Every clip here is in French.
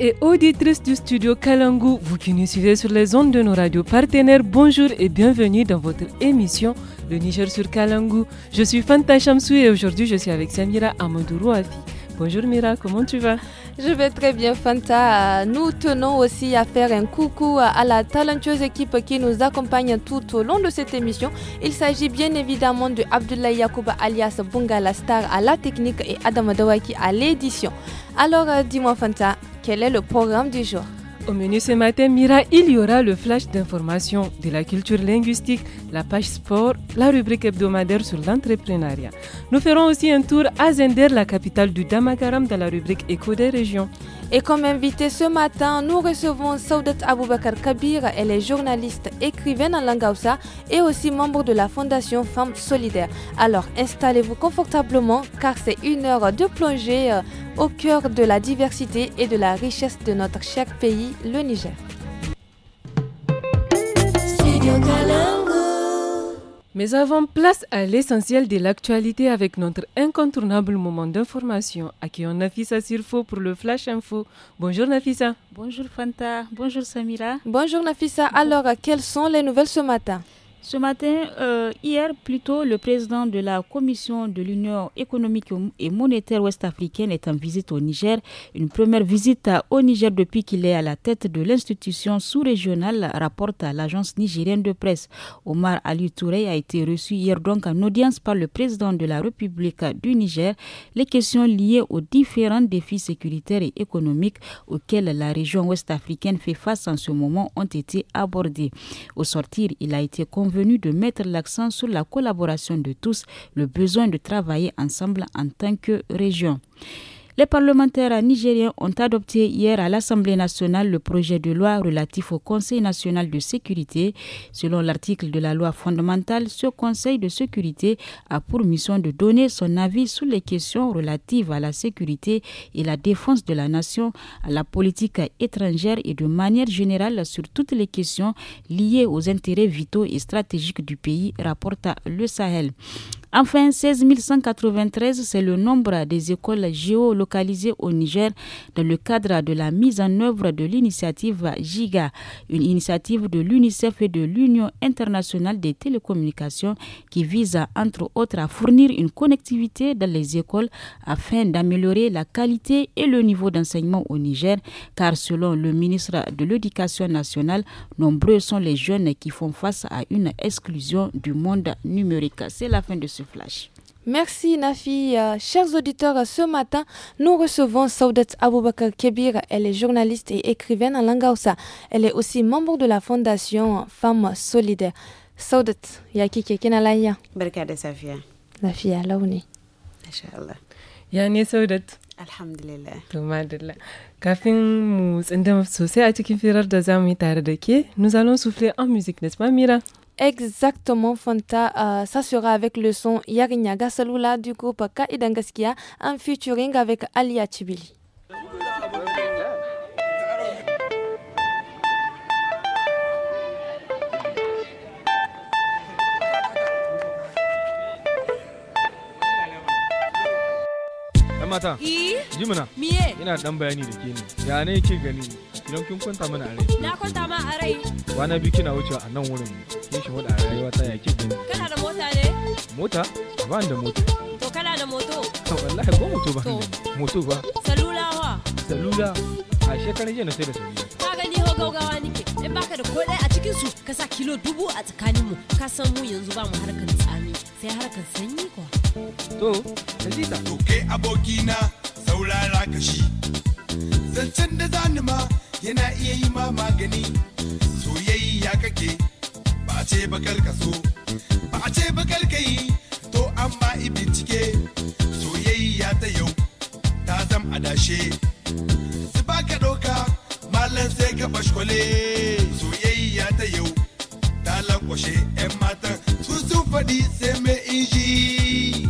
et auditrices du studio Kalangu, vous qui nous suivez sur les ondes de nos radios partenaires, bonjour et bienvenue dans votre émission Le Niger sur Kalangu. Je suis Fanta Chamsou et aujourd'hui je suis avec Samira Amadou Afi. Bonjour Mira, comment tu vas Je vais très bien Fanta. Nous tenons aussi à faire un coucou à la talentueuse équipe qui nous accompagne tout au long de cette émission. Il s'agit bien évidemment de Abdullah Yacouba alias Bunga la star à la technique et Adam Dawaki à l'édition. Alors, euh, dis-moi Fanta, quel est le programme du jour au menu ce matin, Mira, il y aura le flash d'information de la culture linguistique, la page sport, la rubrique hebdomadaire sur l'entrepreneuriat. Nous ferons aussi un tour à Zender, la capitale du Damagaram, dans la rubrique éco des régions. Et comme invité ce matin, nous recevons Saudat Aboubakar Kabir. Elle est journaliste, écrivaine en langue et aussi membre de la Fondation Femmes Solidaires. Alors installez-vous confortablement car c'est une heure de plongée euh, au cœur de la diversité et de la richesse de notre cher pays, le Niger. Mais avant, place à l'essentiel de l'actualité avec notre incontournable moment d'information. à qui on Nafissa Sirfo pour le Flash Info. Bonjour Nafissa. Bonjour Fanta. Bonjour Samira. Bonjour Nafissa. Alors, quelles sont les nouvelles ce matin ce matin, euh, hier plutôt, le président de la Commission de l'Union économique et monétaire ouest-africaine est en visite au Niger, une première visite au Niger depuis qu'il est à la tête de l'institution sous-régionale, rapporte à l'agence nigérienne de presse. Omar Ali Touré a été reçu hier donc en audience par le président de la République du Niger. Les questions liées aux différents défis sécuritaires et économiques auxquels la région ouest-africaine fait face en ce moment ont été abordées. Au sortir, il a été convaincu venu de mettre l'accent sur la collaboration de tous, le besoin de travailler ensemble en tant que région. Les parlementaires nigériens ont adopté hier à l'Assemblée nationale le projet de loi relatif au Conseil national de sécurité. Selon l'article de la loi fondamentale, ce Conseil de sécurité a pour mission de donner son avis sur les questions relatives à la sécurité et la défense de la nation, à la politique étrangère et de manière générale sur toutes les questions liées aux intérêts vitaux et stratégiques du pays, rapporte le Sahel. Enfin, 16 193, c'est le nombre des écoles géolocalisées au Niger dans le cadre de la mise en œuvre de l'initiative GIGA, une initiative de l'UNICEF et de l'Union internationale des télécommunications qui vise, entre autres, à fournir une connectivité dans les écoles afin d'améliorer la qualité et le niveau d'enseignement au Niger, car selon le ministre de l'Éducation nationale, nombreux sont les jeunes qui font face à une exclusion du monde numérique. C'est la fin de ce flash. Merci Nafi. Euh, chers auditeurs, euh, ce matin, nous recevons Saudet Aboubakar Kebir. Elle est journaliste et écrivaine en langue Elle est aussi membre de la fondation Femmes Solidaires. Saudet, yaki keke kenalaya. laya. de Safia. safiya. Lafiya launi. Masha Allah. Ya Alhamdulillah. To Kafin mu a cikin nous allons souffler en musique, n'est-ce pas Mira? exactement Fanta euh, ça sera avec le son Yarinya Salula du groupe Kaidangaskia en featuring avec Alia Chibili. mata. E, Jimina. Miye? Ina dan bayani da ke ne. Ya ne yake gani idan kin kwanta mana a rai. Na kwanta ma a rai. Kwana biyu kina wucewa a nan wurin. Ke shi a rayuwa ta ya ke gani. Kana da mota ne? Mota? Ba da mota. To kana da moto? To wallahi ko moto ba. Moto ba. Salula wa? Salula. A shekaran jiya na sai da salula. Ka gani ho gaugawa nike. In baka da ko dai a cikin su ka sa kilo dubu a tsakaninmu. Ka san mu yanzu ba mu harkar tsami sai harkar sanyi kuwa. to Elisa. to abokina saurara ka shi zancen da zani ma yana iya yi ma magani soyayya kake ba ce bakar ka so ba ce bakar ka yi to amma i bincike soyayya ta yau ta zam adashe su ba ka ɗauka malam sai ka bashkole. soyayya ta yau ta lankwashe 'yan matan su sun faɗi sai mai inji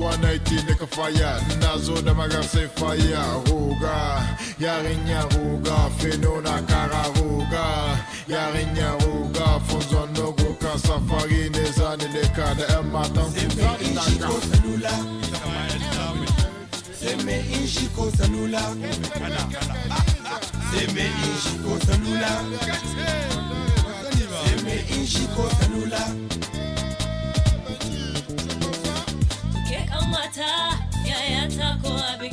180 daga faya na da magasai faya ruga yarinya ruga feno kara ruga yarinya ruga funzon no safari ne zani ne ka da yan matan ku na ka Seme inji ko salula Seme inji ko salula Seme inji ko salula ta yaya da ba ba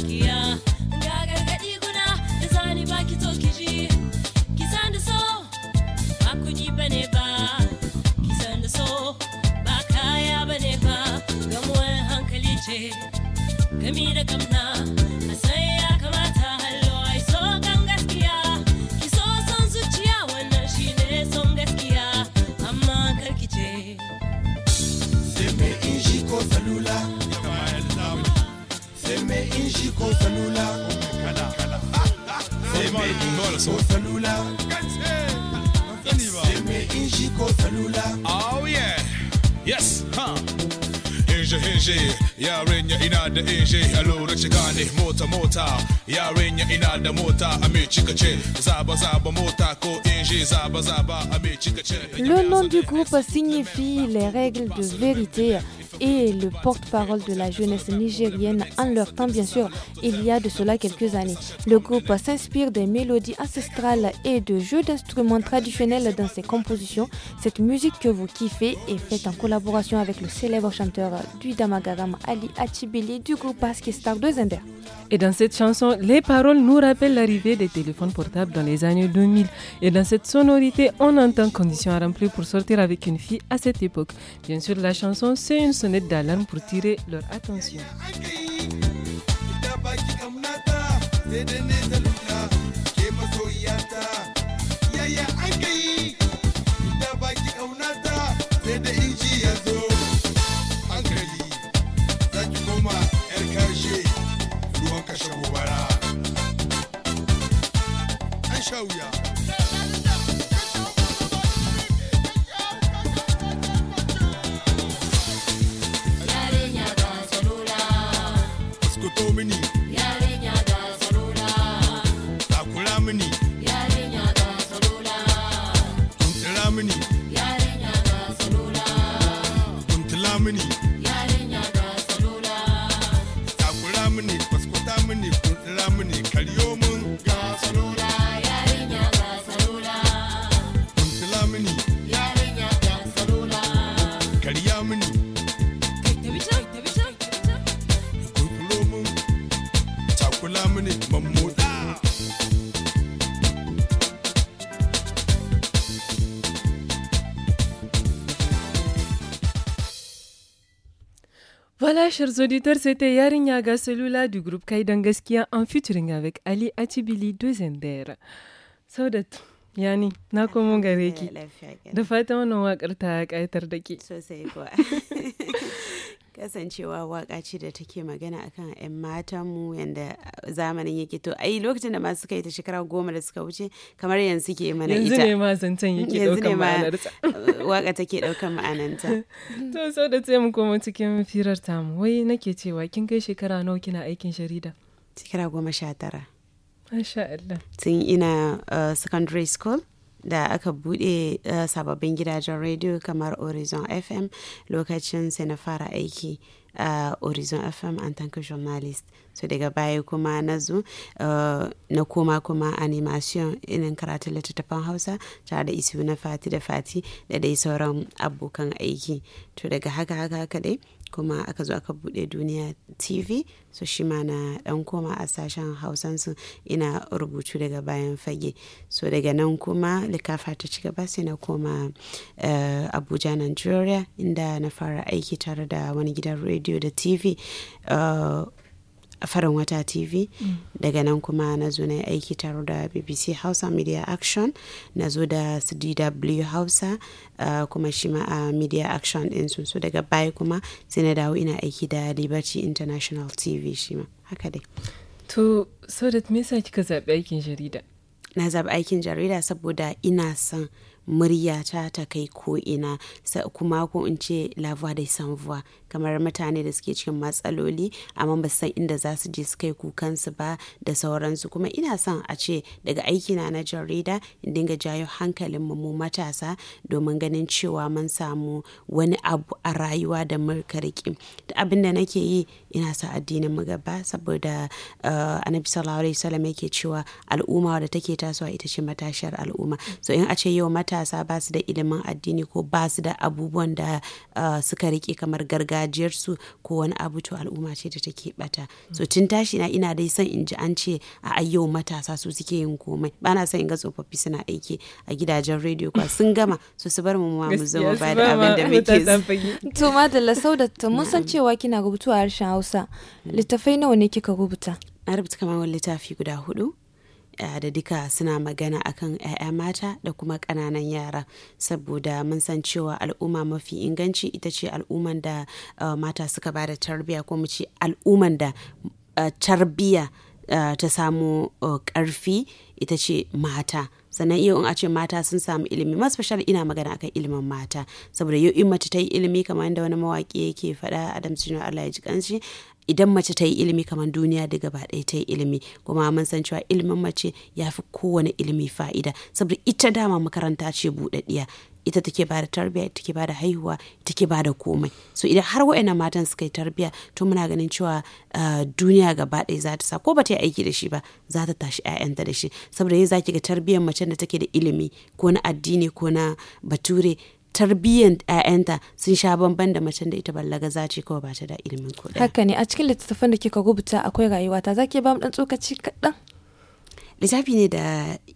kosalula seme inji kosalula seme inji kosalula oh yeah yes huh inje inje yarinya ina da inje a lokaci gane mota mota yarinya ina da mota a mai cika ce zaba zaba mota ko inje zaba zaba a mai le nom du groupe signifie les règles de vérité et le porte-parole de la jeunesse nigérienne en leur temps, bien sûr, il y a de cela quelques années. Le groupe s'inspire des mélodies ancestrales et de jeux d'instruments traditionnels dans ses compositions. Cette musique que vous kiffez est faite en collaboration avec le célèbre chanteur du Damagaram Ali Achibili du groupe Basque Star de Zender. Et dans cette chanson, les paroles nous rappellent l'arrivée des téléphones portables dans les années 2000. Et dans cette sonorité, on entend conditions à remplir pour sortir avec une fille à cette époque. Bien sûr, la chanson, c'est une sonorité d'alarme pour tirer leur attention. chers auditeurs, c'était Yarinyaga, celui-là du groupe Kaidangaskia en featuring avec Ali Atibili deux Zender. Saudat, Yani, na komo gareki. Da fatan wannan wakar ta kasancewa waka ce da take magana akan 'yan matanmu yadda zamanin yake to ai lokacin da masu kai ta shekara goma da suka wuce kamar yanzu ke mana ita yanzu ne ma zancen yake daukan ma'anarta waka take daukan ma'anarta to so da ce mu koma cikin firar mu wai nake cewa kin kai shekara nawa kina aikin sharida shekara goma sha tara Masha Allah. Tun ina eh, secondary school. da aka bude eh, sababbin gidajen rediyo kamar Horizon FM lokacin sai na fara aiki. a eh, horizon fm an tant que journalist so daga baya kuma na zo eh, na koma kuma animation irin karatun littattafan hausa tare da isu na fati da fati da dai sauran abokan aiki to daga haka haka haka dai kuma aka zo aka bude duniya tv so shi ma na dan koma a sashen hausan su ina rubutu daga bayan fage so daga nan kuma likafa ta ci gaba sai na koma eh, abuja nigeria inda na fara aiki tare da wani gidan rediyo radio da tv a uh, farin wata tv mm. daga nan kuma na zo na aiki tare da bbc hausa media action na zo da dw hausa uh, kuma shi ma a uh, media action din sun so daga baya kuma sai na dawo ina aiki da liberty international tv shi ma haka dai to that me yasa kika zaɓi aikin jarida na zaɓi aikin jarida saboda ina son muryata ta kai ko ina kuma ko in ce lavoie de des sans voix kamar mutane da suke cikin matsaloli amma ba san inda za su je su kai kukansu ba da sauransu kuma ina son a ce daga aikina na jarida in dinga jayo hankalin mu mu matasa domin ganin cewa mun samu wani abu a rayuwa da muka da abin da nake yi ina sa addinin mu gaba saboda eh, annabi sallallahu alaihi wasallam yake cewa al'umma da take tasowa ita ce matashiyar al'umma so in a ce yau matasa ba su da ilimin addini ko ba su da abubuwan da eh, suka riƙe kamar gargajiya gajiyarsu ko wani abu to al'umma ce da take bata so tun tashi na ina dai son in ji an ce a ayyo matasa su suke yin komai bana son in ga tsofaffi suna aiki a gidajen rediyo kwa sun gama so su bar mu ma mu zama ba da abin da muke to madalla saudatta mun san cewa kina rubutu a harshen Hausa mm. littafai nawa ne kika rubuta na rubuta kamar wani littafi guda hudu Eh, da duka suna magana akan 'ya'ya mata da kuma ƙananan yara saboda mun san cewa al'umma mafi inganci ita ce al'umman da eh, mata suka ba da tarbiya ko mu ce al'umman da eh, tarbiya ta samu ƙarfi ita ce mata sannan yau in a ce mata sun samu ilimi masu fashar ina magana akan ilimin mata saboda yau in mace ta yi ilimi kamar yadda wani mawaƙi yake faɗa adam sinu Allah ya ji kanshi idan mace ta yi ilimi kamar duniya da gaba ɗaya ta yi ilimi kuma mun san cewa ilimin mace ya fi kowane ilimi fa'ida saboda ita dama makaranta ce buɗaɗɗiya ita take ba da tarbiya ita take ba da haihuwa ita take ba da komai so idan har wa'ina matan suka yi tarbiya to muna ganin cewa ah, duniya gaba ɗaya za ta sa ko ba ta yi aiki da shi ba za ta tashi 'ya'yanta da shi saboda yau za ki ga tarbiyyar mace da take da ilimi ko na addini ko na bature tarbiyyar 'ya'yanta sun sha bamban da macen da ita ballaga za ce kawai ba ta da ilimin kuɗi. Haka ne a cikin littattafan da kika rubuta akwai rayuwata za zaki ba mu ɗan tsokaci kaɗan. Littafi ne da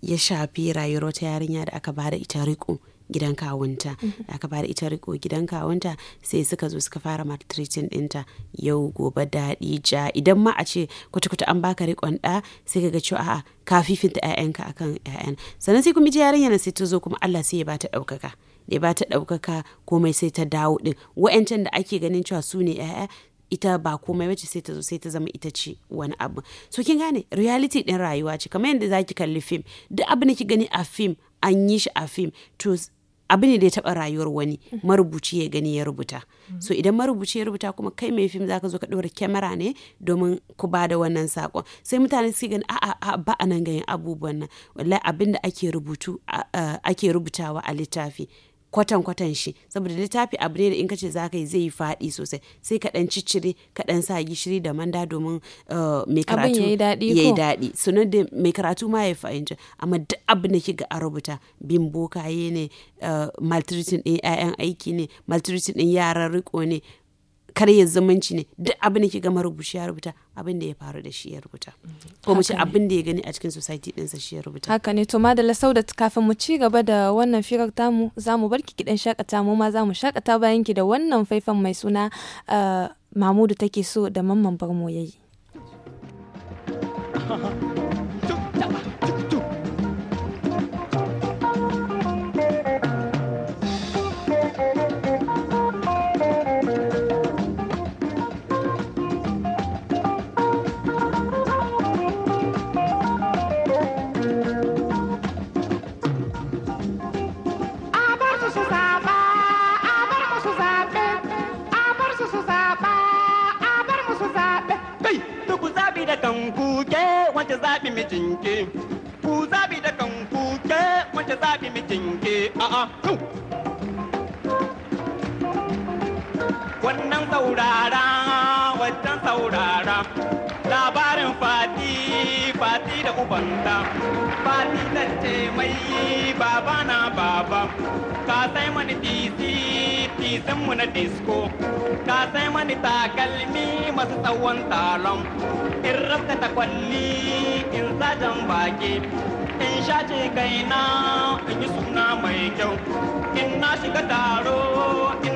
ya shafi rayuwar wata yarinya da aka ba da ita riko. gidan kawunta mhm. da aka ba da ita riko gidan kawunta sai suka zo suka fara matritin ɗinta yau gobe daɗi ja idan ma a ce kwata-kwata an baka rikon ɗa sai ka ga cewa a'a ka fifinta 'ya'yanka akan 'ya'yan sannan sai kuma ji yarinya na sai ta zo kuma Allah sai ya ba ta ɗaukaka ya ba ta ɗaukaka komai sai ta dawo ɗin wa'yancan da ake ganin cewa su ne 'ya'ya ita ba komai wace sai ta zo sai ta zama ita ce wani abu so kin gane reality din rayuwa ce kamar yadda zaki kalli fim duk abin da ki gani a fim an yi shi a fim to abu ne da ya taɓa rayuwar wani marubuci ya gani ya rubuta so idan marubuci ya rubuta kuma kai mai fim zaka zo ka ɗora kyamara ne domin ku ba da wannan saƙon sai mutane suke gani a ba a nan ganin abubuwan nan wallahi abin da ake rubutu ake rubutawa a littafi kwatan kwatan shi saboda littafi abu ne da in kace za ka yi zai yi faɗi sosai sai ka dan ciccire ka dan sa gishiri da manda domin eh, mai karatu ya yi daɗi sunan da mai karatu ma ya fahimci amma duk abu ne kiga a rubuta bin bokaye ne eh, maltreating ɗin 'ya'yan aiki ne maltreating ɗin yaran riko ne karyar zumunci ne duk abin da ke gama rubuci ya rubuta abin da ya faru da shi ya rubuta ko mu abin da ya gani a cikin society ɗinsa shi ya rubuta haka ne to madalla saudat kafin mu ci gaba da wannan firar tamu za mu bar ki dan shakata mu ma za mu shakata bayan ki da wannan faifan mai suna eh, mamudu take so da mamman barmo yayi mijinki ku zabi da kanku ke mace zabi mijinke a'a a wannan saurara wannan saurara da ubanta ba ni ce mai baba na baba ka sai mani titi titin mu na disco ka sai mani takalmi masu tsawon talon in rafka takwalli in zajen baki in shace kaina in yi suna mai kyau in na shiga taro in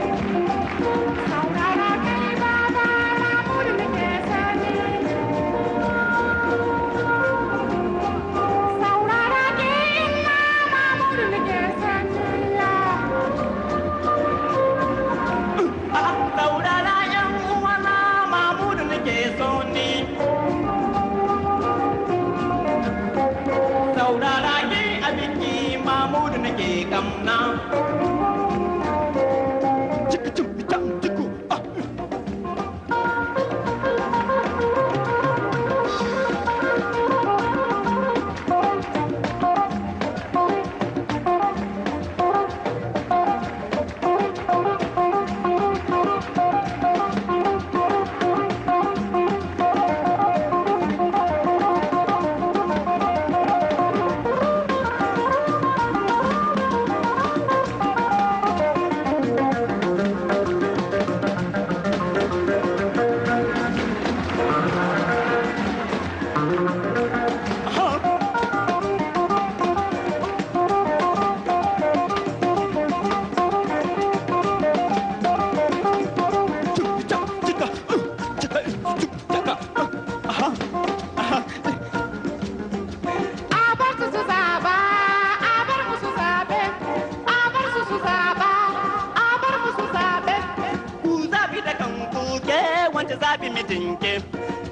wance zaɓi mijinke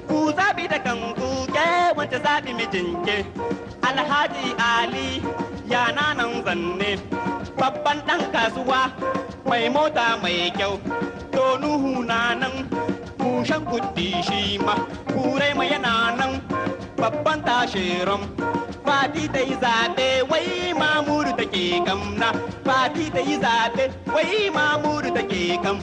ku zaɓi da kanku ke wance zaɓi mijinke alhaji ali ya nanan zanne babban ɗan kasuwa mai mota mai kyau to nuhu na nan kushen kuɗi shi ma kurai mai yana nan babban tashiran fati ta yi zaɓe wai mamuru take na fati ta yi zaɓe wai mamuru take kam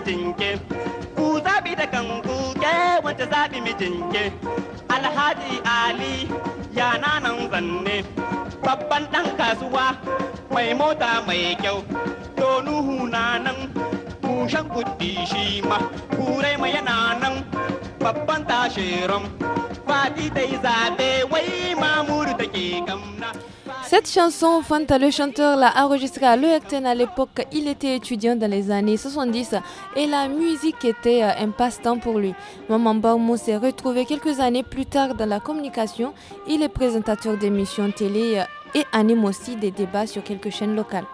mijinke ku zaɓi da kanku ke wanda zaɓi mijinke alhaji ali ya nanan zanne babban ɗan kasuwa mai mota mai kyau to nuhu na nan tushen kuɗi shi ma kurai mai yana nan babban tashiram fadi ta yi zaɓe wai mamuru take gamna Cette chanson, Fanta le chanteur l'a enregistrée à Loecten à l'époque. Il était étudiant dans les années 70 et la musique était euh, un passe-temps pour lui. Maman Baumou s'est retrouvé quelques années plus tard dans la communication. Il est présentateur d'émissions télé euh, et anime aussi des débats sur quelques chaînes locales.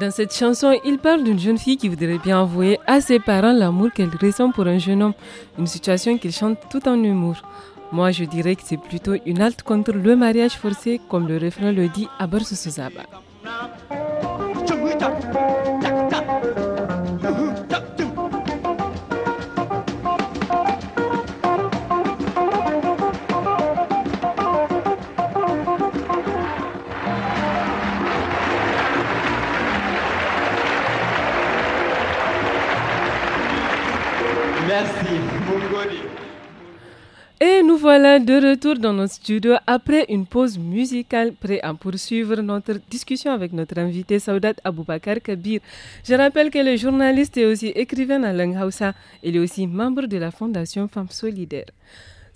Dans cette chanson, il parle d'une jeune fille qui voudrait bien envoyer à ses parents l'amour qu'elle ressent pour un jeune homme, une situation qu'il chante tout en humour. Moi, je dirais que c'est plutôt une halte contre le mariage forcé, comme le refrain le dit à Souzaba. voilà de retour dans notre studio après une pause musicale, prêt à poursuivre notre discussion avec notre invité Saoudat Aboubakar Kabir. Je rappelle qu'elle est journaliste et aussi écrivaine à Langhausa. Elle est aussi membre de la Fondation Femmes Solidaires.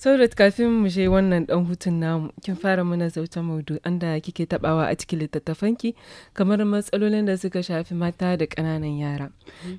Saurat kafin mu je wannan dan hutun namu kin fara mana zauta maudu'an da kike tabawa a cikin littattafanki kamar matsalolin da suka shafi mata da kananan yara.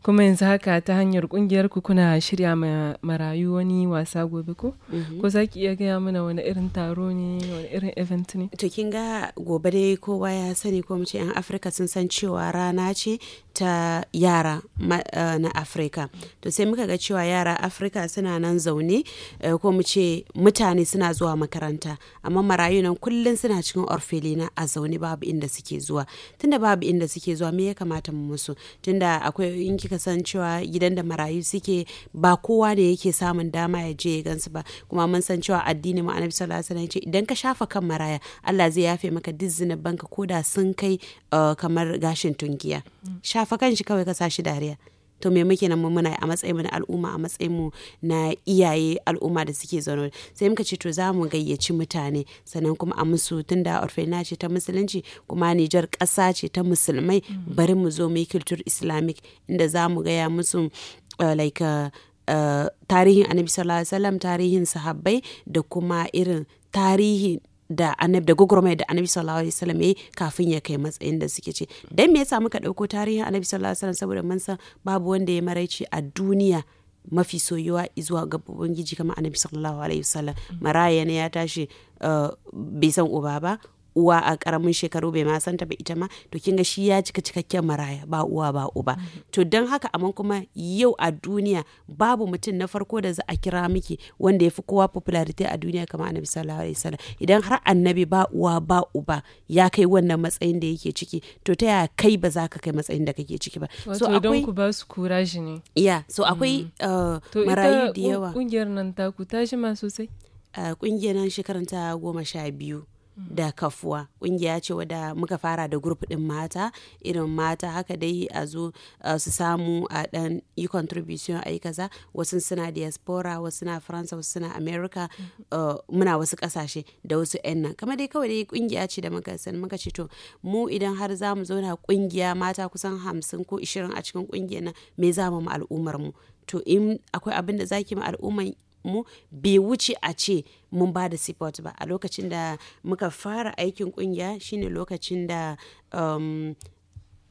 Kuma yanzu haka ta hanyar kungiyar ku kuna shirya marayu wani wasa gobe ko? Mhm. Ko za iya gaya mana wani irin taro ne wani irin event ne? To kin ga gobe dai kowa ya sani ko mu ce 'yan Afirka sun san cewa rana ce ta yara eh, na Afirka. To sai muka ga cewa yara Afirka suna nan zaune eh, ko mu ce mutane suna zuwa makaranta amma marayu nan kullum suna cikin orfelina a zaune babu inda suke zuwa tunda babu inda suke zuwa me ya kamata mu musu tunda akwai in kika san cewa gidan da marayu suke ba kowa ne yake samun dama ya je ya gansu ba kuma mun san cewa addini mu annabi sallallahu alaihi wasallam ce idan ka shafa kan maraya Allah zai yafe maka duk zinabanka koda sun kai uh, kamar gashin tunkiya mm. shafa kan shi kawai ka sa shi dariya to me muke nan muna a matsayin mu na al'umma a matsayin mu na iyaye al'umma da suke zaune sai muka ce to za mu gayyaci mutane sannan kuma a musu tunda orfena ce ta musulunci kuma Nijar ƙasa ce ta musulmai mm. bari mu zo mu culture islamic inda za mu gaya musu uh, like uh, uh, tarihin annabi sallallahu alaihi wasallam tarihin sahabbai da kuma irin tarihin. da annabi da gwagwarmaya da annabi sallallahu alaihi wasallam yayi kafin ya kai matsayin da suke ce dan me yasa muka dauko tarihin annabi sallallahu alaihi wasallam saboda mun san babu wanda ya maraici a duniya mafi soyuwa zuwa ga ubangiji kamar annabi sallallahu alaihi wasallam maraya ne ya tashi eh, bai san uba ba uwa a karamin shekaru bai ma santa ba ita ma to kin ga shi ya cika cikakken maraya ba uwa ba uba to dan haka amma kuma yau a duniya babu mutum na farko da za a kira miki wanda ya fi kowa popularity a duniya kamar annabi sallallahu alaihi wasallam idan har annabi ba uwa ba uba ya kai wannan matsayin da yake ciki to ta yaya kai ba za ka kai matsayin da kake ciki ba so akwai ku ba su kuraji ne ya so akwai mm. uh, marayu da yawa kungiyar nan ta uh, ku ta jima sosai kungiyar nan shekaranta goma sha biyu da kafuwa ƙungiya ce wadda muka fara da grup ɗin mata irin mata haka dai a zo su samu a ɗan yi contribution a yi kaza wasu suna diaspora wasu suna faransa wasu suna america mm-hmm. uh, muna wasu ƙasashe da wasu 'yan nan kama dai kawai dai ƙungiya ce da muka san muka ce to mu idan har za mu zauna ƙungiya mata kusan hamsin ko ishirin a cikin ƙungiyar nan me za mu ma al'ummar mu to in akwai abin da zaki ma al'ummar. mu bai wuce a ce mun ba da support ba a lokacin da muka fara aikin kungiya shine lokacin da um,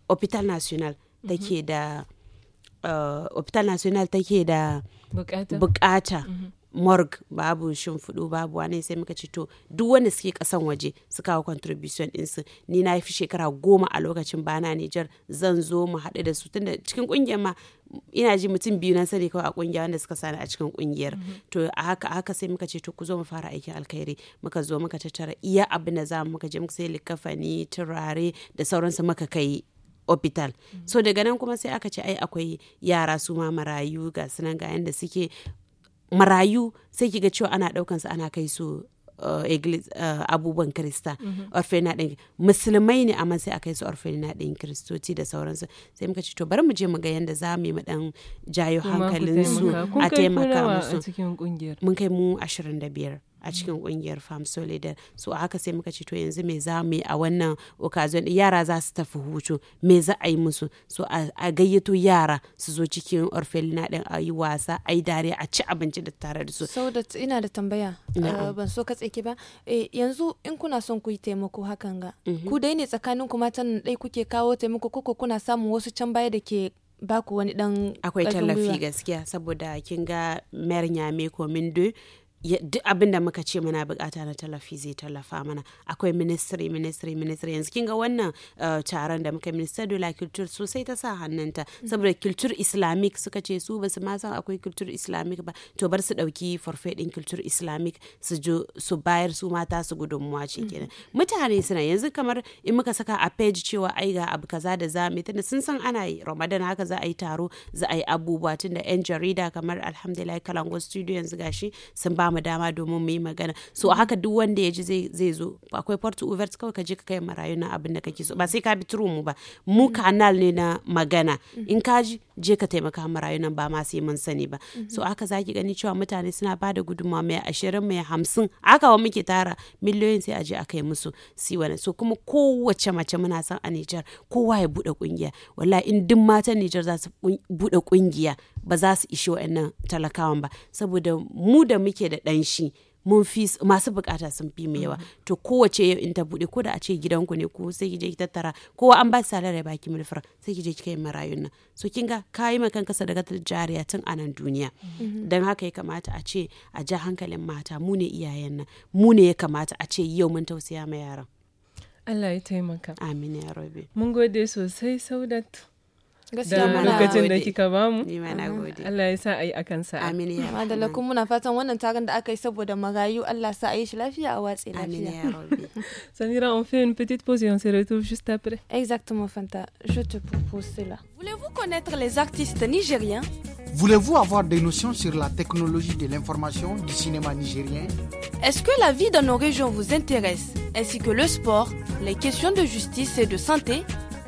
hospital national take mm-hmm. da uh, hospital national take da bukata, bukata. Mm -hmm. Morgue babu shimfiɗu babu wane sai muka ce to duk wanda suke kasan waje su kawo contribution ɗinsu ni na fi shekara goma a lokacin bana Nijar zan zo mu haɗu da su tunda cikin ƙungiyar ma ina ji mutum biyu na sani kawai a ƙungiya wanda suka sani a cikin ƙungiyar to a haka a haka sai muka ce to ku zo mu fara aikin alkhairi muka zo muka tattara iya abin da za mu muka je muka sai likafani turare da sauransu muka kai hospital so daga nan kuma sai aka ce ai akwai yara su ma marayu ga sunan ga yanda suke marayu sai kiga cewa ana su ana kai su uh, uh, abubuwan krista mhm. musulmai ne amma sai a kai su orfena ɗin kiristoci da sauransu sai muka ce to bari mu je mu ga yanda za mu yi mu dan jayo hankalin su a taimaka musu mun kai mu 25 a cikin kungiyar farm solidar so a haka sai muka ce to yanzu me za mu yi a wannan occasion yara za su tafi hutu me za a yi musu so a gayyato yara su zo cikin orphelina din a yi wasa a yi dare a ci abinci da tare da su so da ina da tambaya ah, ban so ka tsake ba eh, yanzu in kuna son ku yi taimako hakan ga mhm. ku dai ne tsakanin ku matan dai kuke kawo taimako koko kuna samun wasu can baya da ke ba ku wani dan akwai tallafi gaskiya saboda kin ga mayar nyame komin min duk abin da muka ce muna bukata na tallafi zai tallafa mana akwai ministry ministry ministry yanzu kinga wannan eh, taron da muka minister de la culture sosai ta sa hannunta mm. saboda culture islamic suka ce su basu ma san akwai culture islamic ba to bar su dauki forfait din culture islamic su jo su bayar su mata su gudunmuwa ce kenan mm. mutane suna yanzu kamar in muka saka a page cewa ai ga abu kaza da za mu tunda sun san ana yi ramadan haka za a yi taro za a yi abubuwa tunda yan jarida kamar alhamdulillah kalango studio yanzu gashi sun ba ba mu dama domin mu yi magana so a haka duk wanda ya ji zai zo akwai porto overt kawai ka je ka kai marayu na abin da kake so ba sai ka bi turu mu ba mu kanal mm. ne na magana mm. in ka ji je ka taimaka marayu nan ba ma sai mun sani ba mm-hmm. so haka zaki gani cewa mutane suna ba da guduma mai ashirin mai hamsin haka wa muke tara miliyoyin sai a je a kai musu si wani so kuma kowace mace muna son a Nijar kowa ya buɗe kungiya wallahi in duk matan Nijar za su bude kungiya ba za su ishi wa'annan talakawan ba saboda mu da muke da ɗanshi mun fi masu bukata sun fi mu yawa mm-hmm. to kowace yau in ta bude ko da a ce gidanku ne ko sai je ki tattara ko an ba ki salari baki mulfar sai je ki yi marayun nan so kin ga kai ma kanka ta jariya tun a nan duniya mm-hmm. dan haka ya kamata a ce a ja hankalin mata mu ne iyayen nan mu ne ya kamata a ce yau mun tausaya ma yaran Allah ya taimaka amin ya rabe mun gode sosai saudat Samira on fait une petite pause et on se retrouve juste après exactement Fanta je te propose cela voulez-vous connaître les artistes nigériens Voulez-vous avoir des notions sur la technologie de l'information du cinéma nigérien Est-ce que la vie dans nos régions vous intéresse, ainsi que le sport, les questions de justice et de santé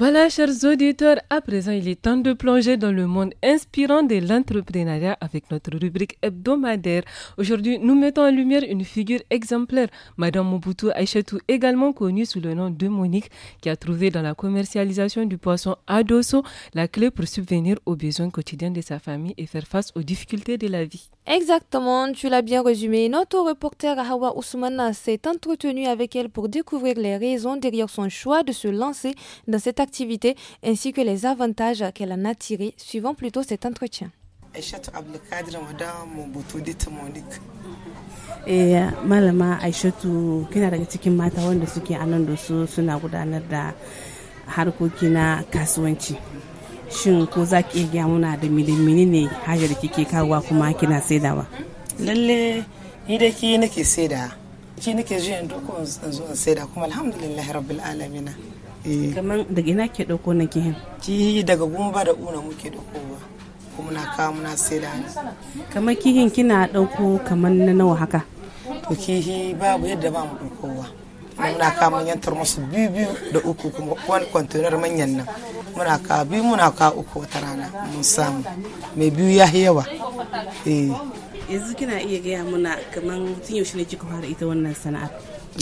Voilà, chers auditeurs, à présent, il est temps de plonger dans le monde inspirant de l'entrepreneuriat avec notre rubrique hebdomadaire. Aujourd'hui, nous mettons en lumière une figure exemplaire, Madame Mobutu Aichetou, également connue sous le nom de Monique, qui a trouvé dans la commercialisation du poisson à la clé pour subvenir aux besoins quotidiens de sa famille et faire face aux difficultés de la vie. Exactement, tu l'as bien résumé. Notre reporter Hawa Ousmana s'est entretenu avec elle pour découvrir les raisons derrière son choix de se lancer dans cette activité ainsi que les avantages qu'elle en a tirés, suivant plutôt cet entretien. shin ko za ki iya gaya muna da milimini ne hajar kike kawowa kuma kina saidawa lalle ni da ki nake saida ki nake ji yanzu ko in zo in saida kuma alhamdulillah rabbil alamin eh. Kaman daga ina ke dauko na kihin ki daga gumba da una muke daukowa kuma na kawo muna saida ne kamar kihin kina dauko kamar na nawa haka to kihi babu yadda ba mu daukowa muna ka manyan turmusu biyu biyu da uku kuma wani kwantonar manyan nan muna ka biyu muna ka uku wata rana mun samu mai biyu ya yawa eh. yanzu kina iya gaya muna kamar tun yaushe ne kika fara ita wannan sana'ar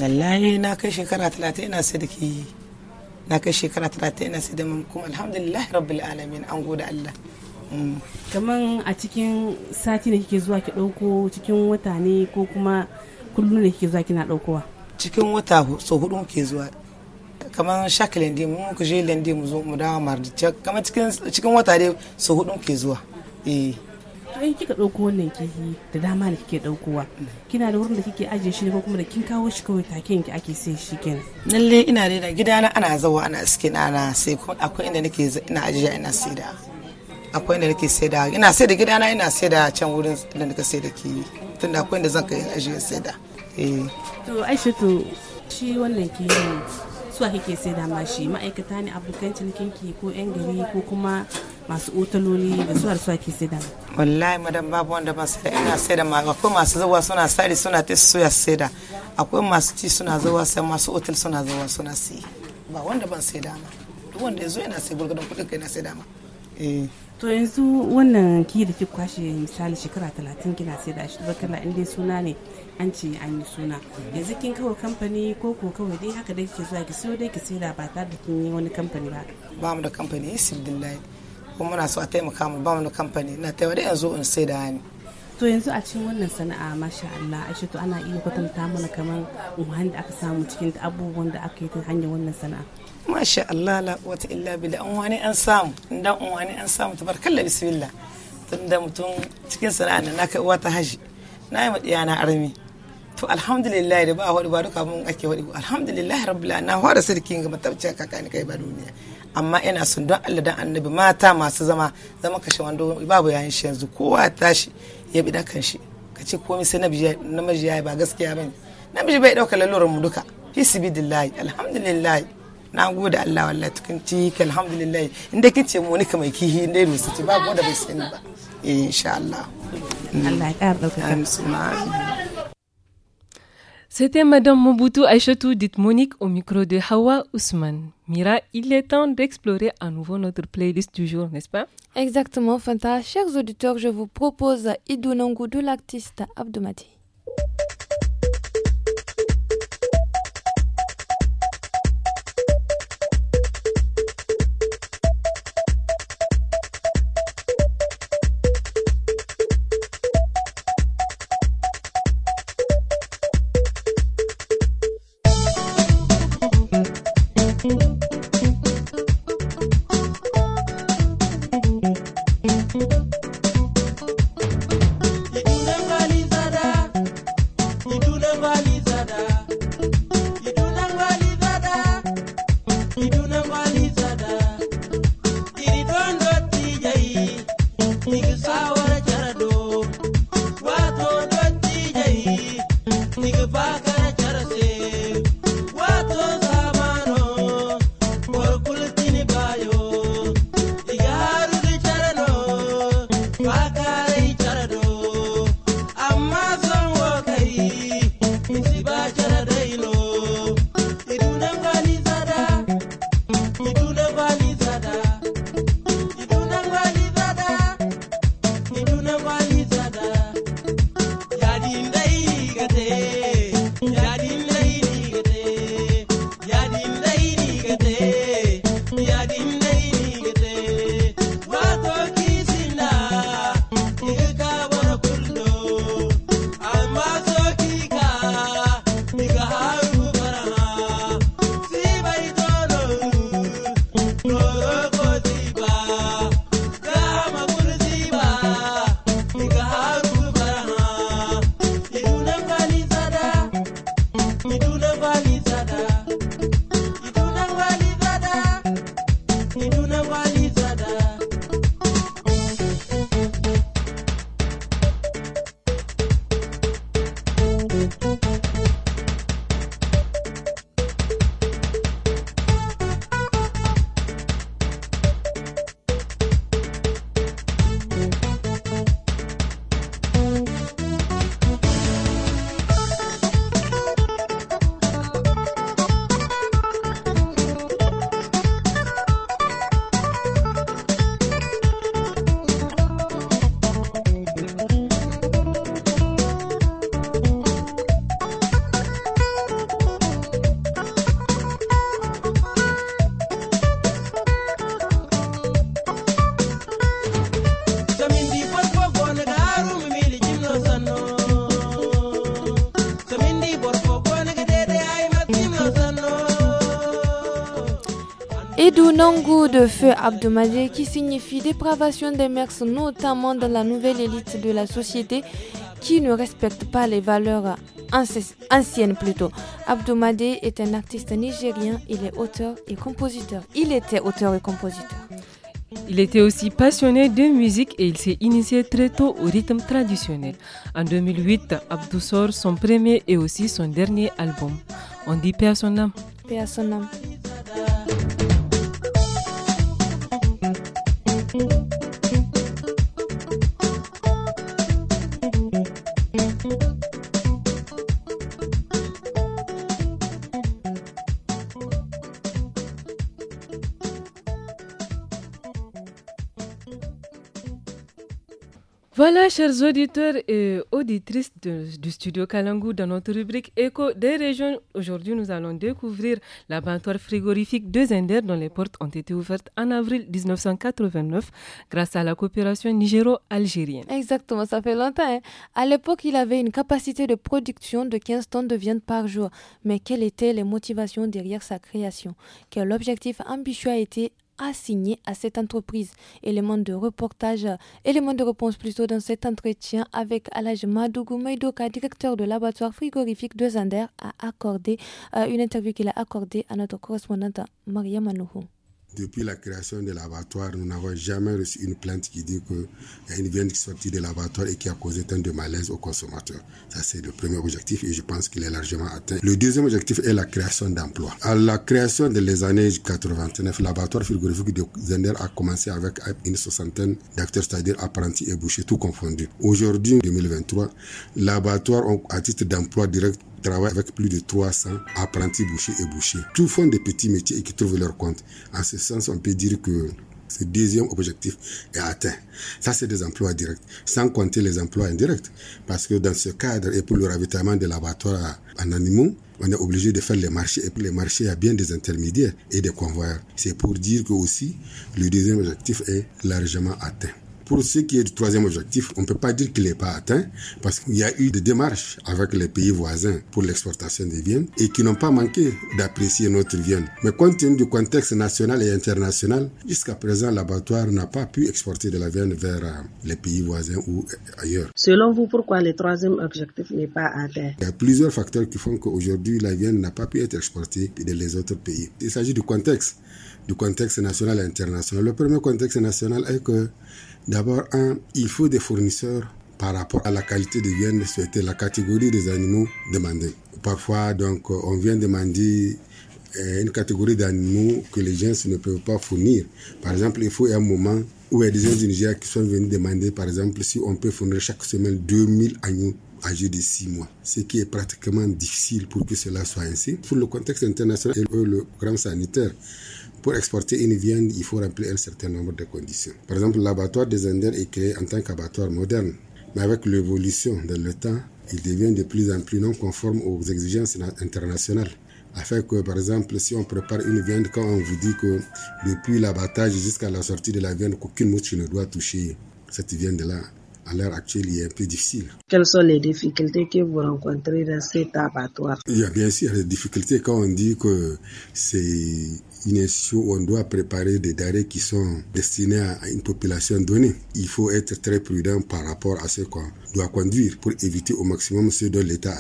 wallahi na kai shekara talatin ina sai da ke na kai shekara talatin ina sai da kuma alhamdulillah rabbil alamin an gode Allah mm. kamar a cikin sati ne kike zuwa ki dauko cikin wata ne ko kuma kullum ne kike zuwa kina daukowa cikin wata so hudu muke zuwa kamar shak lendi mu muka je lendi mu zo mu dawo mardi kamar cikin cikin wata dai so hudu muke zuwa eh to kika dauko wannan kifi da dama da kike daukowa kina da wurin da kike ajiye shi ko kuma da kin kawo shi kawai taken ki ake sai shi kin lalle ina da gidana ana zawa ana skin ana sai ko akwai inda nake ina ajiya ina sai da akwai inda nake sai da ina sai da gidana ina sai da can wurin da nake sai da kiwi tunda akwai inda zan kai ajiye sai da Eh. to aishatu shi wannan kiwon suwa kake sai da ma shi ma'aikata ne abokan cinikinki ko yan gari ko kuma masu otaloli da suwar suwa ke sai da wallahi madan babu wanda ba su da ina sai da ma akwai masu zuwa suna sari suna ta suya sai da akwai masu ci suna zuwa sai masu otal suna zuwa suna sai ba wanda ban sai da ma duk wanda ya zo yana sai gurgurdan kudin kai na sai da ma eh. to yanzu wannan ki da ki kwashe misali shekara 30 kina sai da shi barkala in dai suna ne an ce an yi suna yanzu kin kawo kamfani ko ko kawai dai haka dai kike zuwa ki siyo dai ki saida ba tare da kin yi wani kamfani ba ba mu da kamfani isbillahi kuma muna so a taimaka mu ba mu da kamfani na taiwa dai yanzu in sai da hani to yanzu a cikin wannan sana'a masha Allah Aisha to ana iya kwatanta mana kamar umman da aka samu cikin abubuwan da aka yi ta hanyar wannan sana'a masha Allah la quwwata illa billah an wani an samu dan an wani an samu tabarakallah bismillah tunda mutum cikin sana'a na kai uwa ta haji na yi ma na armi to alhamdulillah da ba a hudu ba duka mun ake hudu alhamdulillah rabbil na fara sarki ga matabcin ni kai ba duniya amma ina son don Allah dan annabi mata masu zama zama kashe wando babu yayin shi yanzu kowa tashi ya bi dakan shi ka ce komai sai namiji yayi ba gaskiya bane namiji bai dauka lalurar mu duka hisbillahi alhamdulillah na gode Allah wallahi tukin ci alhamdulillah inda kice mu ni kamar kihi inda su ci babu wanda bai sani ba insha Allah Allah ya ƙara ɗaukaka. Amin. C'était Madame Mobutu Aïchatou, dite Monique, au micro de Hawa Ousmane. Mira, il est temps d'explorer à nouveau notre playlist du jour, n'est-ce pas Exactement, Fanta. Chers auditeurs, je vous propose Idunongu de l'artiste Abdomati. goût de feu Madé qui signifie dépravation des mœurs, notamment dans la nouvelle élite de la société qui ne respecte pas les valeurs anciennes plutôt. Abdomadé est un artiste nigérien, il est auteur et compositeur. Il était auteur et compositeur. Il était aussi passionné de musique et il s'est initié très tôt au rythme traditionnel. En 2008, Abdou sort son premier et aussi son dernier album. On dit Paix à son âme. Paix son âme. Voilà, chers auditeurs et auditrices du studio Kalangu, dans notre rubrique Écho des régions, aujourd'hui nous allons découvrir l'abattoir frigorifique de Zender dont les portes ont été ouvertes en avril 1989 grâce à la coopération nigéro-algérienne. Exactement, ça fait longtemps. Hein. À l'époque, il avait une capacité de production de 15 tonnes de viande par jour. Mais quelles étaient les motivations derrière sa création Quel objectif ambitieux a été assigné à cette entreprise. Élément de reportage, élément de réponse plutôt dans cet entretien avec Alaj Madougou Maidoka, directeur de l'abattoir frigorifique de Zander, a accordé euh, une interview qu'il a accordée à notre correspondante Maria Manouhou. Depuis la création de l'abattoir, nous n'avons jamais reçu une plainte qui dit qu'il y a une viande qui sortie de l'abattoir et qui a causé tant de malaise aux consommateurs. Ça, c'est le premier objectif et je pense qu'il est largement atteint. Le deuxième objectif est la création d'emplois. À la création des années 89, l'abattoir frigorifique de Zender a commencé avec une soixantaine d'acteurs, c'est-à-dire apprentis et bouchers, tout confondu. Aujourd'hui, 2023, l'abattoir, a titre d'emploi direct, travaillent avec plus de 300 apprentis bouchers et bouchers. Tous font des petits métiers et qui trouvent leur compte. En ce sens, on peut dire que ce deuxième objectif est atteint. Ça, c'est des emplois directs, sans compter les emplois indirects. Parce que dans ce cadre, et pour le ravitaillement des laboratoires en animaux, on est obligé de faire les marchés. Et pour les marchés, il y a bien des intermédiaires et des convoyeurs. C'est pour dire que aussi, le deuxième objectif est largement atteint. Pour ce qui est du troisième objectif, on ne peut pas dire qu'il n'est pas atteint parce qu'il y a eu des démarches avec les pays voisins pour l'exportation des viennes et qui n'ont pas manqué d'apprécier notre viande. Mais compte tenu du contexte national et international, jusqu'à présent, l'abattoir n'a pas pu exporter de la viande vers euh, les pays voisins ou ailleurs. Selon vous, pourquoi le troisième objectif n'est pas atteint Il y a plusieurs facteurs qui font qu'aujourd'hui, la viande n'a pas pu être exportée dans les autres pays. Il s'agit du contexte, du contexte national et international. Le premier contexte national est que D'abord, il faut des fournisseurs par rapport à la qualité de viande souhaitée, la catégorie des animaux demandés. Parfois, donc, on vient demander euh, une catégorie d'animaux que les gens ne peuvent pas fournir. Par exemple, il faut un moment où il y a des gens qui sont venus demander, par exemple, si on peut fournir chaque semaine 2000 agneaux âgés de 6 mois, ce qui est pratiquement difficile pour que cela soit ainsi. Pour le contexte international et le grand sanitaire, pour exporter une viande, il faut remplir un certain nombre de conditions. Par exemple, l'abattoir des Indiens est créé en tant qu'abattoir moderne, mais avec l'évolution de le temps, il devient de plus en plus non conforme aux exigences internationales. Afin que, par exemple, si on prépare une viande, quand on vous dit que depuis l'abattage jusqu'à la sortie de la viande, aucune mouche ne doit toucher cette viande-là, à l'heure actuelle, il est un peu difficile. Quelles sont les difficultés que vous rencontrez dans cet abattoir Il y a bien sûr des difficultés quand on dit que c'est où on doit préparer des denrées qui sont destinées à une population donnée. Il faut être très prudent par rapport à ce qu'on doit conduire pour éviter au maximum ce dont l'État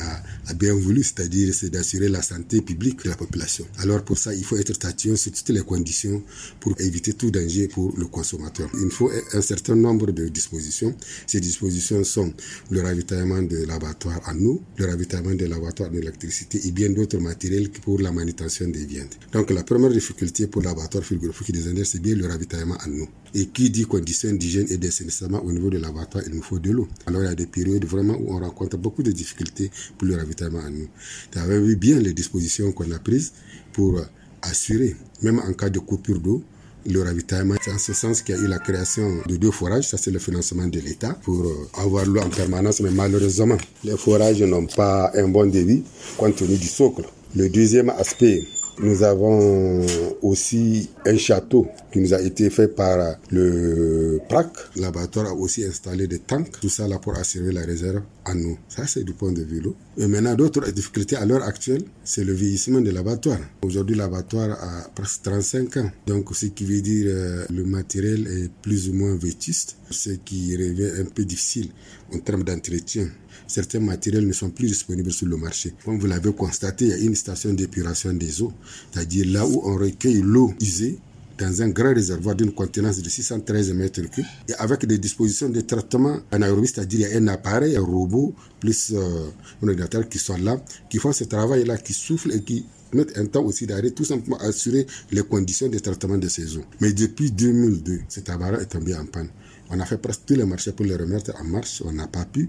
a, bien voulu, c'est-à-dire c'est d'assurer la santé publique de la population. Alors pour ça, il faut être tatillon sur toutes les conditions pour éviter tout danger pour le consommateur. Il faut un certain nombre de dispositions. Ces dispositions sont le ravitaillement de l'abattoir en eau, le ravitaillement de l'abattoir d'électricité et bien d'autres matériels pour la manutention des viandes. Donc la première difficultés pour l'abattoir frigorifique des Indiens, c'est bien le ravitaillement en eau. Et qui dit conditions d'hygiène et d'assainissement au niveau de l'abattoir, il nous faut de l'eau. Alors il y a des périodes vraiment où on rencontre beaucoup de difficultés pour le ravitaillement en eau. Tu avais vu bien les dispositions qu'on a prises pour assurer, même en cas de coupure d'eau, le ravitaillement. C'est en ce sens qu'il y a eu la création de deux forages, ça c'est le financement de l'État, pour euh, avoir l'eau en permanence, mais malheureusement, les forages n'ont pas un bon débit compte tenu du socle. Le deuxième aspect nous avons aussi un château qui nous a été fait par le PRAC. L'abattoir a aussi installé des tanks, tout ça là pour assurer la réserve à nous. Ça, c'est du point de vue l'eau. Et maintenant, d'autres difficultés à l'heure actuelle, c'est le vieillissement de l'abattoir. Aujourd'hui, l'abattoir a presque 35 ans. Donc, ce qui veut dire euh, le matériel est plus ou moins vétiste. ce qui revient un peu difficile en termes d'entretien certains matériels ne sont plus disponibles sur le marché. Comme vous l'avez constaté, il y a une station d'épuration des eaux, c'est-à-dire là où on recueille l'eau usée dans un grand réservoir d'une contenance de 613 mètres cubes et avec des dispositions de traitement anaérobie, c'est-à-dire il y a un appareil, un robot, plus euh, un ordinateur qui sont là, qui font ce travail-là, qui souffle et qui mettent un temps aussi d'arrêt, tout simplement assurer les conditions de traitement de ces eaux. Mais depuis 2002, cet appareil est tombé en panne. On a fait presque tous les marchés pour le remettre en marche, on n'a pas pu.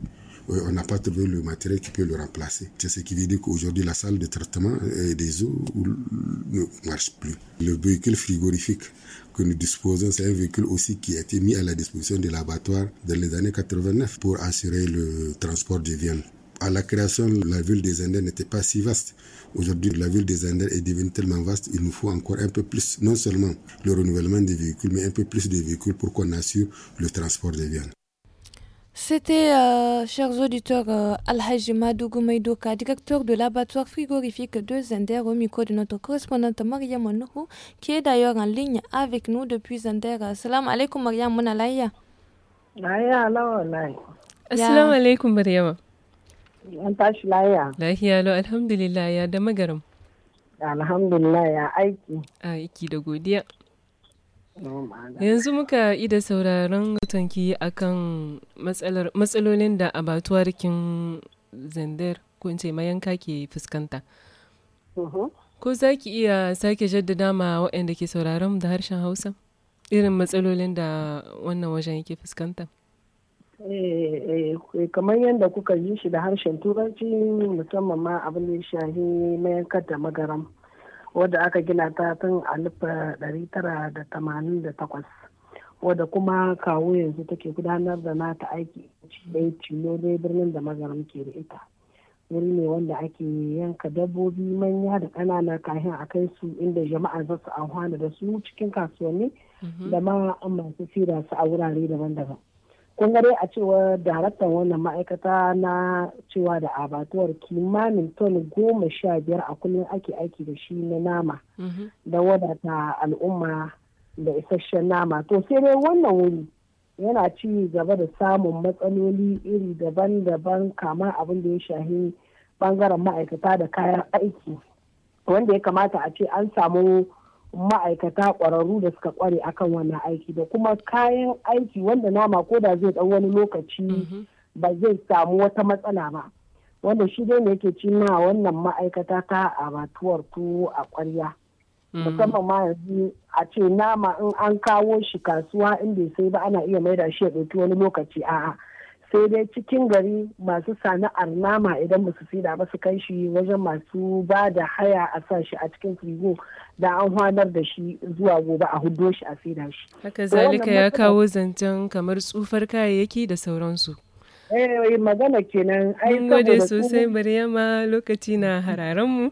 Euh, on n'a pas trouvé le matériel qui peut le remplacer. C'est ce qui veut dire qu'aujourd'hui, la salle de traitement des eaux ne marche plus. Le véhicule frigorifique que nous disposons, c'est un véhicule aussi qui a été mis à la disposition de l'abattoir dans les années 89 pour assurer le transport de viande à la création, la ville des Indes n'était pas si vaste. Aujourd'hui, la ville des Indes est devenue tellement vaste, il nous faut encore un peu plus, non seulement le renouvellement des véhicules, mais un peu plus de véhicules pour qu'on assure le transport des viandes. C'était, euh, chers auditeurs, euh, Al-Hajj Madougou Maïdouka, directeur de l'abattoir frigorifique de Zender, au micro de notre correspondante Mariam Onuhu, qui est d'ailleurs en ligne avec nous depuis Zender. Salam alaikum Mariam Monalaya. Assalamu alaikum Mariam. An tashi laya. Lahiya alo alhamdulillah ya damagaram. Alhamdulillah ya aiki. Aiki da godiya. yanzu muka da sauraron a akan matsalolin da abatuwar kin zandar ko mayanka ke fuskanta mhm. ko za ki iya sake jaddada ma waɗanda ke sauraron da harshen hausa irin matsalolin da wannan wajen yake fuskanta eh, eh, kamar yadda kuka yi shi da harshen turanci musamman ma abin da ya shahi mayankar da magaram wadda aka gina ta tun alif tara takwas wadda kuma kawo yanzu take gudanar da nata aiki dai cilo dai birnin da maza ke da ita wuri ne wanda ake yanka dabbobi manya da ƙanana kahin a kai su inda jama'a za su amfana da su cikin kasuwanni mhm. da ma masu fira su a wurare daban-daban kun dai a cewa daraktan wannan ma'aikata na cewa da abatuwar kimanin ton goma sha biyar a kullum ake aiki da shi na nama mhm. da wadata al'umma da isasshen nama to sai dai wannan wuri yana ci gaba da samun matsaloli iri daban-daban kama abin da ya shahi bangaren ma'aikata da kayan aiki wanda ya kamata a ce an samu ma'aikata ƙwararru da suka ƙware akan wannan aiki da kuma kayan aiki wanda nama ko da zai ɗau wani lokaci mhm. ba zai samu wata matsala ba wanda shi dai ne yake cimma wannan ma'aikata ta abatuwar tuwo a ƙwarya mhm. musamman ma yanzu a ce nama in an kawo shi kasuwa in bai sai ba ana iya maida shi ya ɗauki wani lokaci a'a sai dai cikin gari masu sana'ar nama idan ba su sida ba su kai shi wajen masu ba da haya a sa shi a cikin firigo da an hwanar da shi zuwa gobe a hudo shi a saida shi. Haka zalika ya kawo zancen kamar tsufar kayayyaki da sauransu. Eh magana kenan ai Mun gode sosai Maryama lokaci na hararen mu.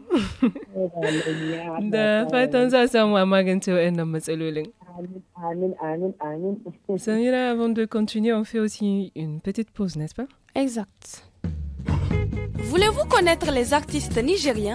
Eh, da fatan za samu a magance waɗannan matsalolin. Amin, Samira, avant de continuer, on fait aussi une petite pause, n'est-ce pas? Exact. Voulez-vous connaître les artistes nigériens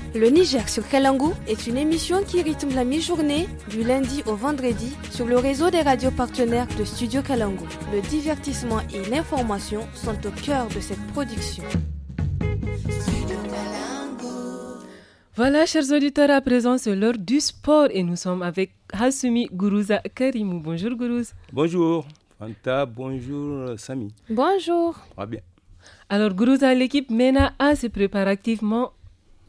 Le Niger sur Kalangou est une émission qui rythme la mi-journée du lundi au vendredi sur le réseau des radios partenaires de Studio Kalangou. Le divertissement et l'information sont au cœur de cette production. Voilà, chers auditeurs, à présent, c'est l'heure du sport et nous sommes avec Hasumi Gourouza Karimou. Bonjour Gourouz. Bonjour Fanta, bonjour Sami. Bonjour. Très bien. Alors Gourouza, l'équipe MENA A se prépare activement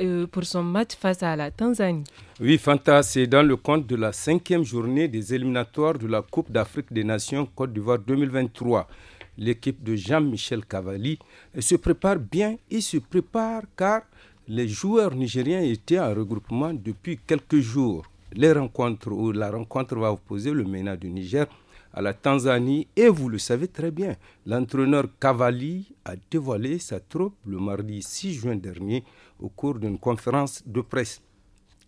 euh, pour son match face à la Tanzanie. Oui, Fantas, c'est dans le compte de la cinquième journée des éliminatoires de la Coupe d'Afrique des Nations Côte d'Ivoire 2023. L'équipe de Jean-Michel Cavalli se prépare bien, il se prépare car les joueurs nigériens étaient en regroupement depuis quelques jours. Les rencontres la rencontre va opposer le MENA du Niger à la Tanzanie et vous le savez très bien, l'entraîneur Cavalli a dévoilé sa troupe le mardi 6 juin dernier au cours d'une conférence de presse.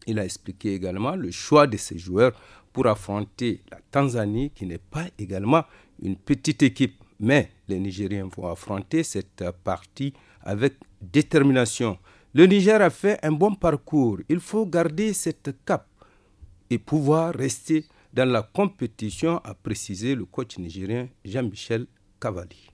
Il a expliqué également le choix de ses joueurs pour affronter la Tanzanie, qui n'est pas également une petite équipe. Mais les Nigériens vont affronter cette partie avec détermination. Le Niger a fait un bon parcours. Il faut garder cette cape et pouvoir rester dans la compétition, a précisé le coach nigérien Jean-Michel Cavalli.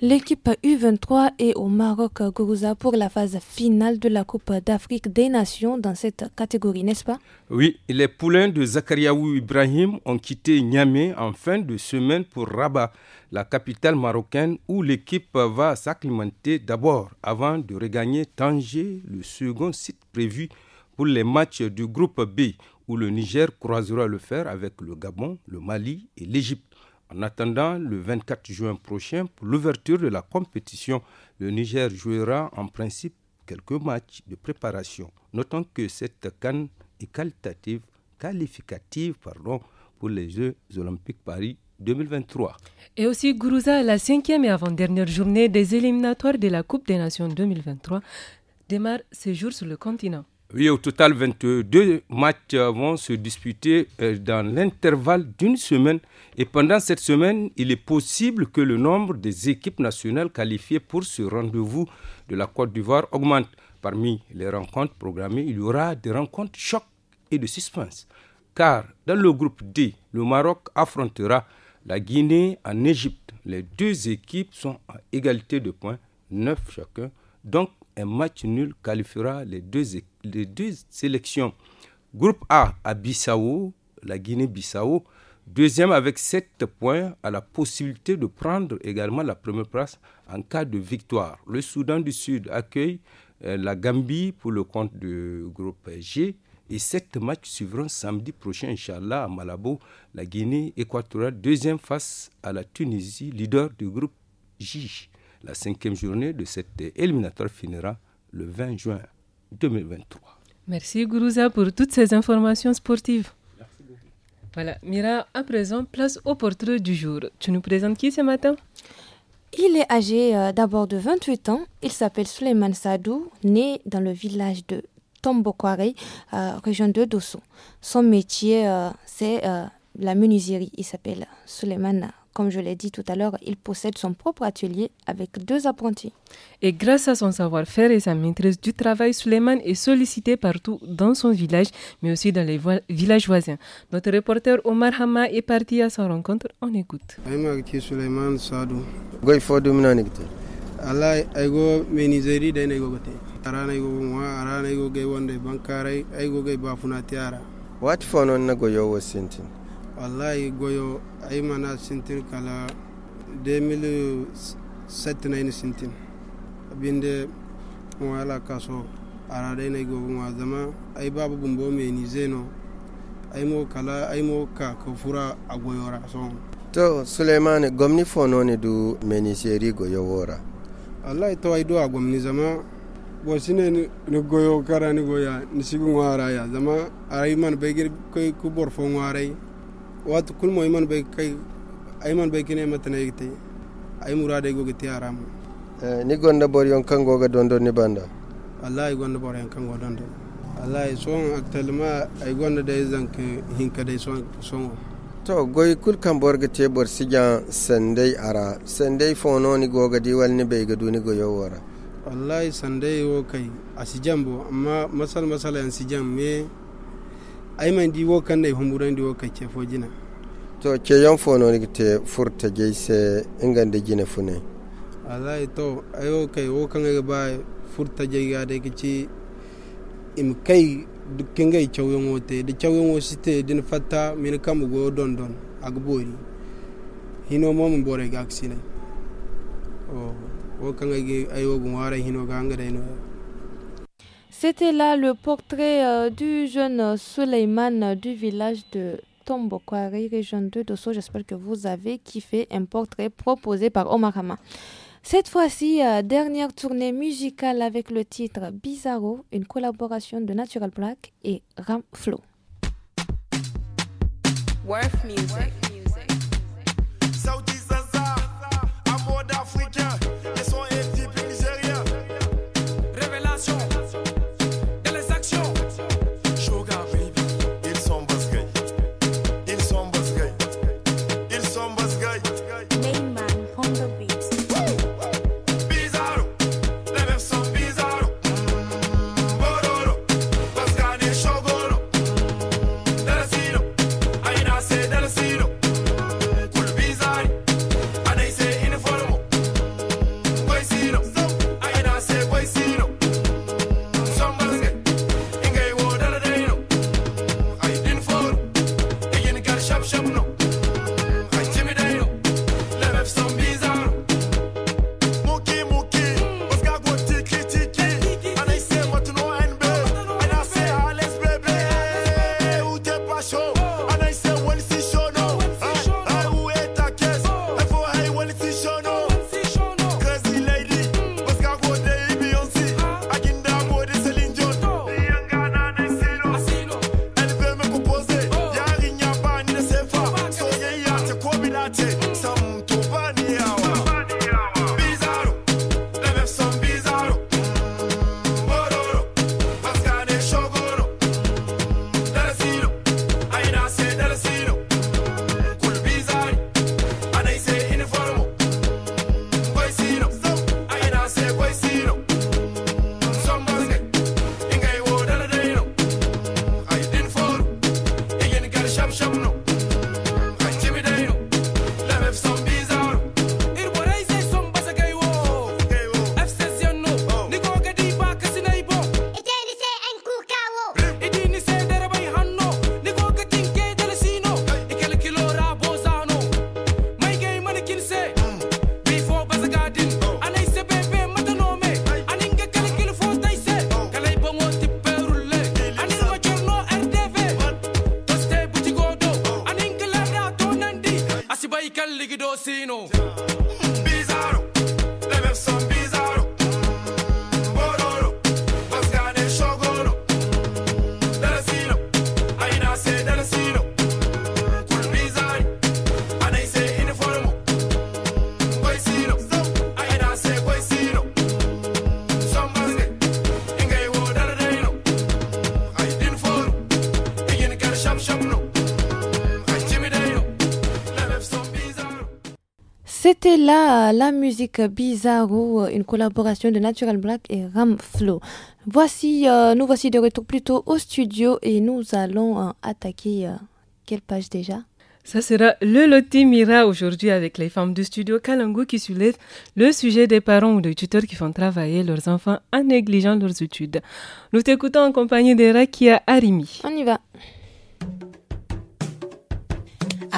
L'équipe U23 est au Maroc Gourouza pour la phase finale de la Coupe d'Afrique des Nations dans cette catégorie, n'est-ce pas Oui, les poulains de Zakariaou Ibrahim ont quitté Niamey en fin de semaine pour Rabat, la capitale marocaine où l'équipe va s'acclimater d'abord avant de regagner Tanger, le second site prévu pour les matchs du groupe B où le Niger croisera le fer avec le Gabon, le Mali et l'Égypte. En attendant le 24 juin prochain, pour l'ouverture de la compétition, le Niger jouera en principe quelques matchs de préparation. Notons que cette canne est qualitative, qualificative pardon, pour les Jeux olympiques Paris 2023. Et aussi, Gourouza, la cinquième et avant-dernière journée des éliminatoires de la Coupe des Nations 2023 démarre ce jour sur le continent. Oui, au total, 22 matchs vont se disputer euh, dans l'intervalle d'une semaine. Et pendant cette semaine, il est possible que le nombre des équipes nationales qualifiées pour ce rendez-vous de la Côte d'Ivoire augmente. Parmi les rencontres programmées, il y aura des rencontres choc et de suspense. Car dans le groupe D, le Maroc affrontera la Guinée en Égypte. Les deux équipes sont à égalité de points, 9 chacun. Donc, un match nul qualifiera les deux, deux sélections. Groupe A à Bissau, la Guinée-Bissau, deuxième avec sept points, a la possibilité de prendre également la première place en cas de victoire. Le Soudan du Sud accueille euh, la Gambie pour le compte du groupe G. Et sept matchs suivront samedi prochain, Inch'Allah, à Malabo, la Guinée équatoriale, deuxième face à la Tunisie, leader du groupe J. La cinquième journée de cette éliminatoire finira le 20 juin 2023. Merci Gourouza pour toutes ces informations sportives. Voilà, Mira, à présent, place au portrait du jour. Tu nous présentes qui ce matin il est âgé euh, d'abord de 28 ans. Il s'appelle Suleiman Sadou, né dans le village de Tombokwari, euh, région de Dosso. Son métier, euh, c'est la menuiserie. Il s'appelle Suleiman comme je l'ai dit tout à l'heure, il possède son propre atelier avec deux apprentis. Et grâce à son savoir-faire et sa maîtrise du travail, Suleiman est sollicité partout dans son village, mais aussi dans les villages voisins. Notre reporter Omar Hama est parti à sa rencontre. On écoute. wallahi goyo ay mana sintin kala 2007 na ini sintin abinde mo ala kaso ara dai na gogo wa zama ai babu bumbo me ni zeno ai mo kala ai mo ka ko fura a goyo raso so to suleiman gomni fono ne du meni seri goyo wora wallahi to ai do a gomni zama bo sine ni goyo kara ni goya ni sigu ngwara ya zama arai man bai ko ku bor fo ngwarai waatu kulmo iman bay kay ayman bay kine matana yigti ay murade go giti haram eh, ni gonda bor yon kango ga dondo ni banda wallahi gonda bor yon kango dondo wallahi son talma ay gonda day hin ka day son son to goy kul kan bor te bor sijan sandai ara sandai fono ni go ga diwal ni bay ga duni go yowara wallahi sandai wo kay asijambo amma masal masal an sijam me ayman ɗi wo kanndayi hom ɓurandi wo kacce fojina to ceyon fo noni te furta jeyi se ngande jine fune alay to ayo kay wo kangege ba furta jeygade kici im kay kengey cawyon o te de cawyon o si te din fatta min kam go don don ag boori hino mom boore oh, ga aksine o wo kangege ayo gum waara hino ga ngadayno C'était là le portrait euh, du jeune Suleiman du village de Tombokwari, région 2 d'Osso. J'espère que vous avez kiffé un portrait proposé par Omar Cette fois-ci, euh, dernière tournée musicale avec le titre Bizarro, une collaboration de Natural Black et Ram Flow. Révélation. la musique Bizarro, euh, une collaboration de Natural Black et Ram Flow. Voici, euh, nous voici de retour plutôt au studio et nous allons euh, attaquer quelle page déjà ça sera le loti Mira aujourd'hui avec les femmes du studio Kalangu qui soulèvent le sujet des parents ou des tuteurs qui font travailler leurs enfants en négligeant leurs études. Nous t'écoutons en compagnie de Rakia Arimi. On y va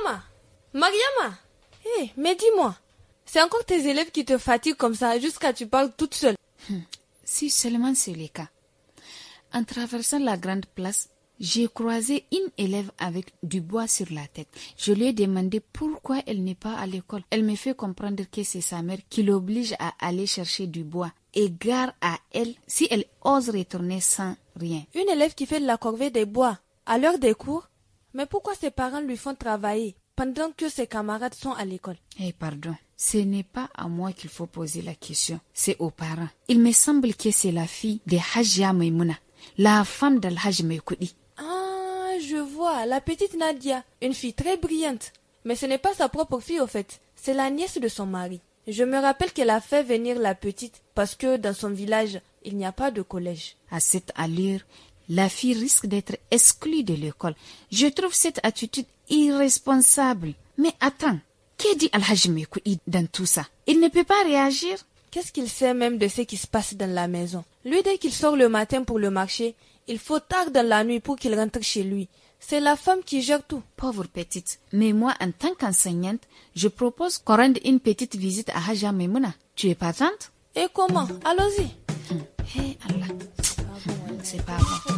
Mariama Mariama Hé, eh, mais dis-moi, c'est encore tes élèves qui te fatiguent comme ça jusqu'à tu parles toute seule. Hmm. si seulement c'est le cas. En traversant la grande place, j'ai croisé une élève avec du bois sur la tête. Je lui ai demandé pourquoi elle n'est pas à l'école. Elle me fait comprendre que c'est sa mère qui l'oblige à aller chercher du bois. Et gare à elle si elle ose retourner sans rien. Une élève qui fait la corvée des bois à l'heure des cours mais pourquoi ses parents lui font travailler pendant que ses camarades sont à l'école Eh pardon, ce n'est pas à moi qu'il faut poser la question, c'est aux parents. Il me semble que c'est la fille de Hajia Maimouna, la femme dal Hajj Ah, je vois, la petite Nadia, une fille très brillante. Mais ce n'est pas sa propre fille au fait, c'est la nièce de son mari. Je me rappelle qu'elle a fait venir la petite parce que dans son village, il n'y a pas de collège. À cette allure, la fille risque d'être exclue de l'école. Je trouve cette attitude irresponsable. Mais attends, qu'est dit Al-Hajj dans tout ça Il ne peut pas réagir Qu'est-ce qu'il sait même de ce qui se passe dans la maison Lui, dès qu'il sort le matin pour le marché, il faut tard dans la nuit pour qu'il rentre chez lui. C'est la femme qui gère tout. Pauvre petite. Mais moi, en tant qu'enseignante, je propose qu'on rende une petite visite à Haja Memouna. Tu es patente Et comment Allons-y. Hum. Hé, Allah. C'est pas bon.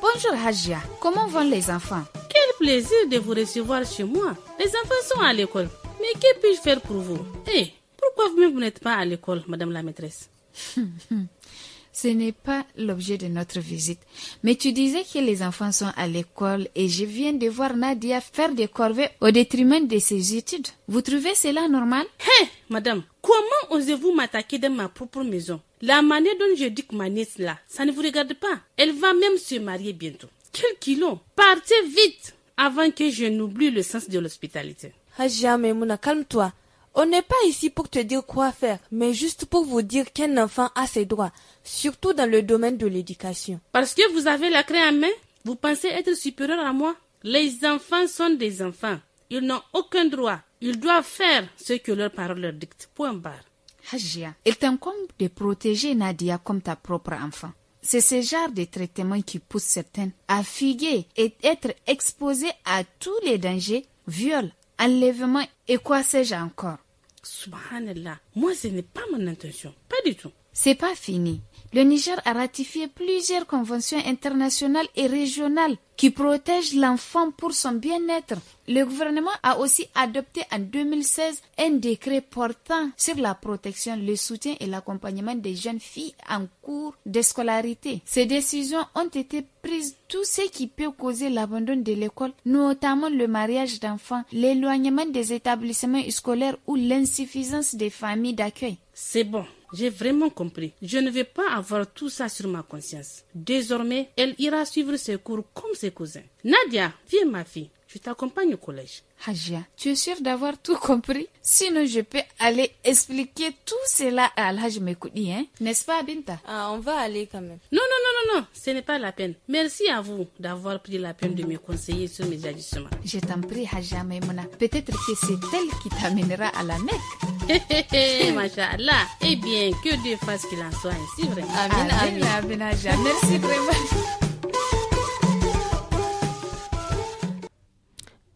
Bonjour Hajia. Comment vont les enfants? Quel plaisir de vous recevoir chez moi. Les enfants sont à l'école. Mais que puis-je faire pour vous? Eh, pourquoi vous vous n'êtes pas à l'école, madame la maîtresse? ce n'est pas l'objet de notre visite. Mais tu disais que les enfants sont à l'école et je viens de voir Nadia faire des corvées au détriment de ses études. Vous trouvez cela normal Hé, madame, comment osez-vous m'attaquer dans ma propre maison La manière dont je dis que ma nièce là, ça ne vous regarde pas. Elle va même se marier bientôt. Quel kilo Partez vite avant que je n'oublie le sens de l'hospitalité. Ah, jamais, Mouna, calme-toi. On n'est pas ici pour te dire quoi faire, mais juste pour vous dire qu'un enfant a ses droits, surtout dans le domaine de l'éducation. Parce que vous avez la craie à main, vous pensez être supérieur à moi Les enfants sont des enfants. Ils n'ont aucun droit. Ils doivent faire ce que leurs parole leur dictent. Point barre. Hajia, il t'incombe de protéger Nadia comme ta propre enfant. C'est ce genre de traitement qui pousse certaines à figuer et être exposées à tous les dangers, viols, enlèvement et quoi sais-je encore Subhanallah, moi ce n'est pas mon intention, pas du tout. C'est pas fini le Niger a ratifié plusieurs conventions internationales et régionales qui protègent l'enfant pour son bien-être. Le gouvernement a aussi adopté en 2016 un décret portant sur la protection, le soutien et l'accompagnement des jeunes filles en cours de scolarité. Ces décisions ont été prises tout ce qui peut causer l'abandon de l'école, notamment le mariage d'enfants, l'éloignement des établissements scolaires ou l'insuffisance des familles d'accueil. C'est bon j'ai vraiment compris. Je ne vais pas avoir tout ça sur ma conscience. Désormais, elle ira suivre ses cours comme ses cousins. Nadia, viens ma fille, je t'accompagne au collège. Hajia, tu es sûre d'avoir tout compris Sinon, je peux aller expliquer tout cela à Alhaj Mekoudi, hein N'est-ce pas, Binta Ah, on va aller quand même. Non, non, non, non, non, ce n'est pas la peine. Merci à vous d'avoir pris la peine de me conseiller sur mes ajustements. Je t'en prie, Hajia Maimouna. Peut-être que c'est elle qui t'amènera à la Mecque. Hé, hé, hé, Eh bien, que Dieu fasse qu'il en soit ainsi, vraiment. Amen, amen, amen, Hajia. Merci vraiment.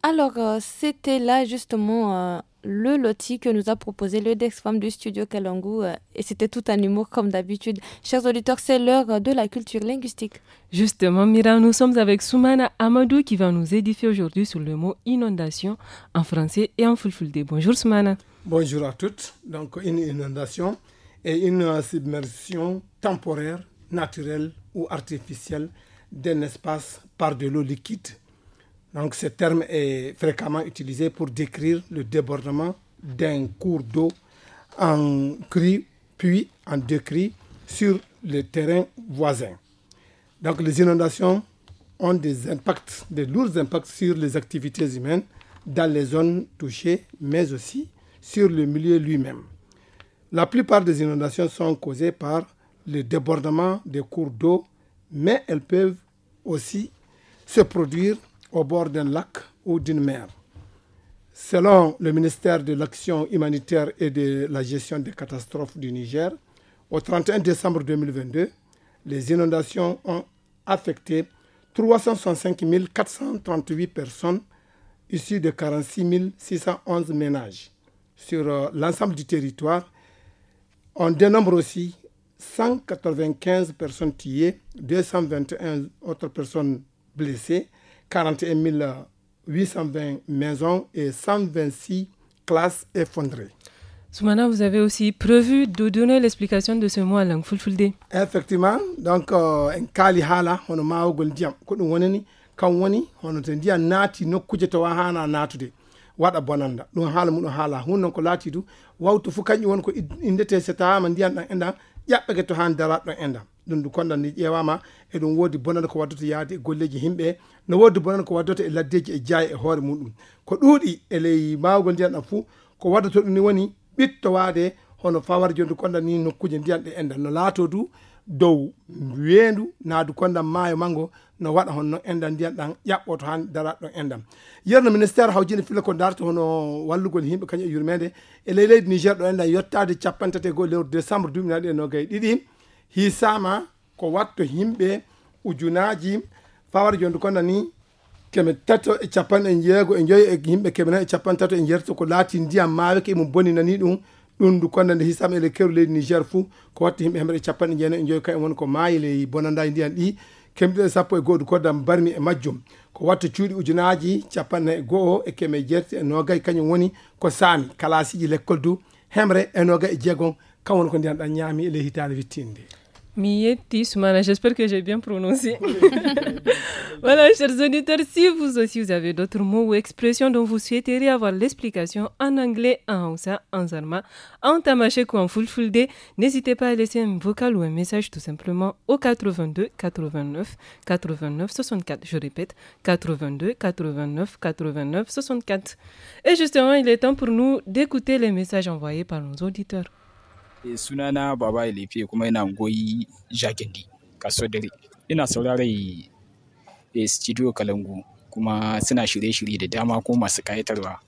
Alors, euh, c'était là justement euh, le loti que nous a proposé le Dex-Femme du studio Kalangu. Euh, et c'était tout un humour comme d'habitude. Chers auditeurs, c'est l'heure de la culture linguistique. Justement, Mira, nous sommes avec Soumana Amadou qui va nous édifier aujourd'hui sur le mot inondation en français et en fulfulde. Bonjour Soumana. Bonjour à toutes. Donc, une inondation est une submersion temporaire, naturelle ou artificielle d'un espace par de l'eau liquide donc ce terme est fréquemment utilisé pour décrire le débordement d'un cours d'eau en cri puis en décrit sur le terrain voisin. Donc les inondations ont des impacts, des lourds impacts sur les activités humaines dans les zones touchées, mais aussi sur le milieu lui-même. La plupart des inondations sont causées par le débordement des cours d'eau, mais elles peuvent aussi se produire au bord d'un lac ou d'une mer. Selon le ministère de l'Action humanitaire et de la gestion des catastrophes du Niger, au 31 décembre 2022, les inondations ont affecté 365 438 personnes issues de 46 611 ménages. Sur euh, l'ensemble du territoire, on dénombre aussi 195 personnes tuées, 221 autres personnes blessées 41 820 maisons et 126 classes effondrées. Soumana, vous avez aussi prévu de donner l'explication de ce mot à langue fulfulde. Effectivement, donc euh, en kali hala hono ma ogol diam ko dum wonani kan woni hono to ndiya naati nokkuje to hana natude waɗa bonanda ɗum haala nous haala hunnon ko lati du wau fu kañƴum won ko indete seta tawama ndiyan ɗan e ƴaɓɓeke to ha dara ɗon endam ɗum ɗum konɗan ni ƴeewama eɗum woodi bonan ko waddoto yaade e golleji himɓe no woodi bonan ko waddoto e laddeji e jaaye e hoore muɗum ko ɗuuɗi e ley mawgol ndiyan ɗam fuu ko waddoto ɗum ni woni ɓittowaade hono fawar joni konɗan ni nokkuji ndiyan ɗe endan no laato du dow weendu naadu kondam maayo mango no waɗa honno endan ndiyam ɗan ƴaɓɓoto han daraɗo ɗon endam yerno ministére hawjinde filla ko darta hono wallugol himɓe kañum e yurmede e ley leydi niger ɗo endan yettade capanɗe tati e goho lewru décembre duminaɗi e nogaye ɗiɗi hisama ko watto himɓe ujunaji fawara jondu konda ni keme tato e capanɗe jeego e joyi e yimɓe keme e capanɗe tato e jeerto ko laati ndiyam maaweke e boni nani ɗum ɗum ndu kondande hisam ele kewru leydi niger fou ko watta yimɓe hemre capanɗe jeenayi e joyi kayen won ko maayi ley bonandaji ndiyan ɗi kemɗiɗe sappo e goho du koddam barmi e majjum ko watta cuuɗi ujunaji capanɗe e goho e keme jeerti e nogayi kañum woni ko saami kalasiji l' école du hemre e nogayi e jeegom kam woni ko ndiyan ɗan ñaami e ley hitande wittinde Mietis, j'espère que j'ai bien prononcé. voilà, chers auditeurs, si vous aussi vous avez d'autres mots ou expressions dont vous souhaiteriez avoir l'explication en anglais, en Hausa, en Zarma, en Tamashek ou en Fulfulde, n'hésitez pas à laisser un vocal ou un message tout simplement au 82 89 89 64. Je répète, 82 89 89 64. Et justement, il est temps pour nous d'écouter les messages envoyés par nos auditeurs. Eh sunana Baba Lefe kuma yana goyi, Jagindi kasuwar dare. Ina sauraron eh, Studio Kalangu kuma suna shirye-shirye da dama ko masu kayatarwa,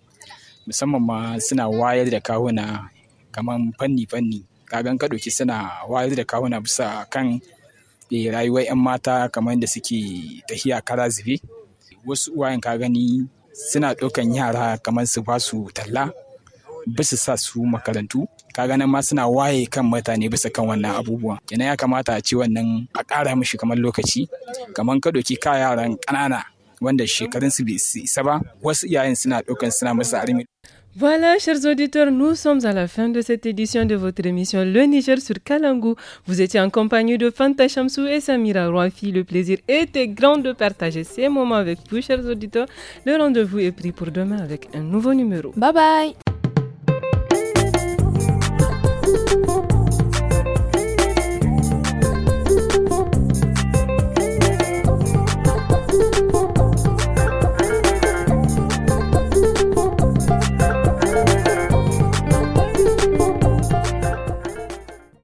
Musamman ma suna wayar da kawuna kamar fanni-fanni. kagan in suna wayar da kawuna bisa kan eh, rayuwar 'yan mata kamar da suke tafiya kara zube. Wasu uwayen ka gani suna ɗaukan yara kamar su ba su talla, ba sa su makarantu. Voilà, chers auditeurs, nous sommes à la fin de cette édition de votre émission Le Niger sur Kalangu. Vous étiez en compagnie de Fanta Chamsou et Samira Roifi. Le plaisir était grand de partager ces moments avec vous, chers auditeurs. Le rendez-vous est pris pour demain avec un nouveau numéro. Bye bye!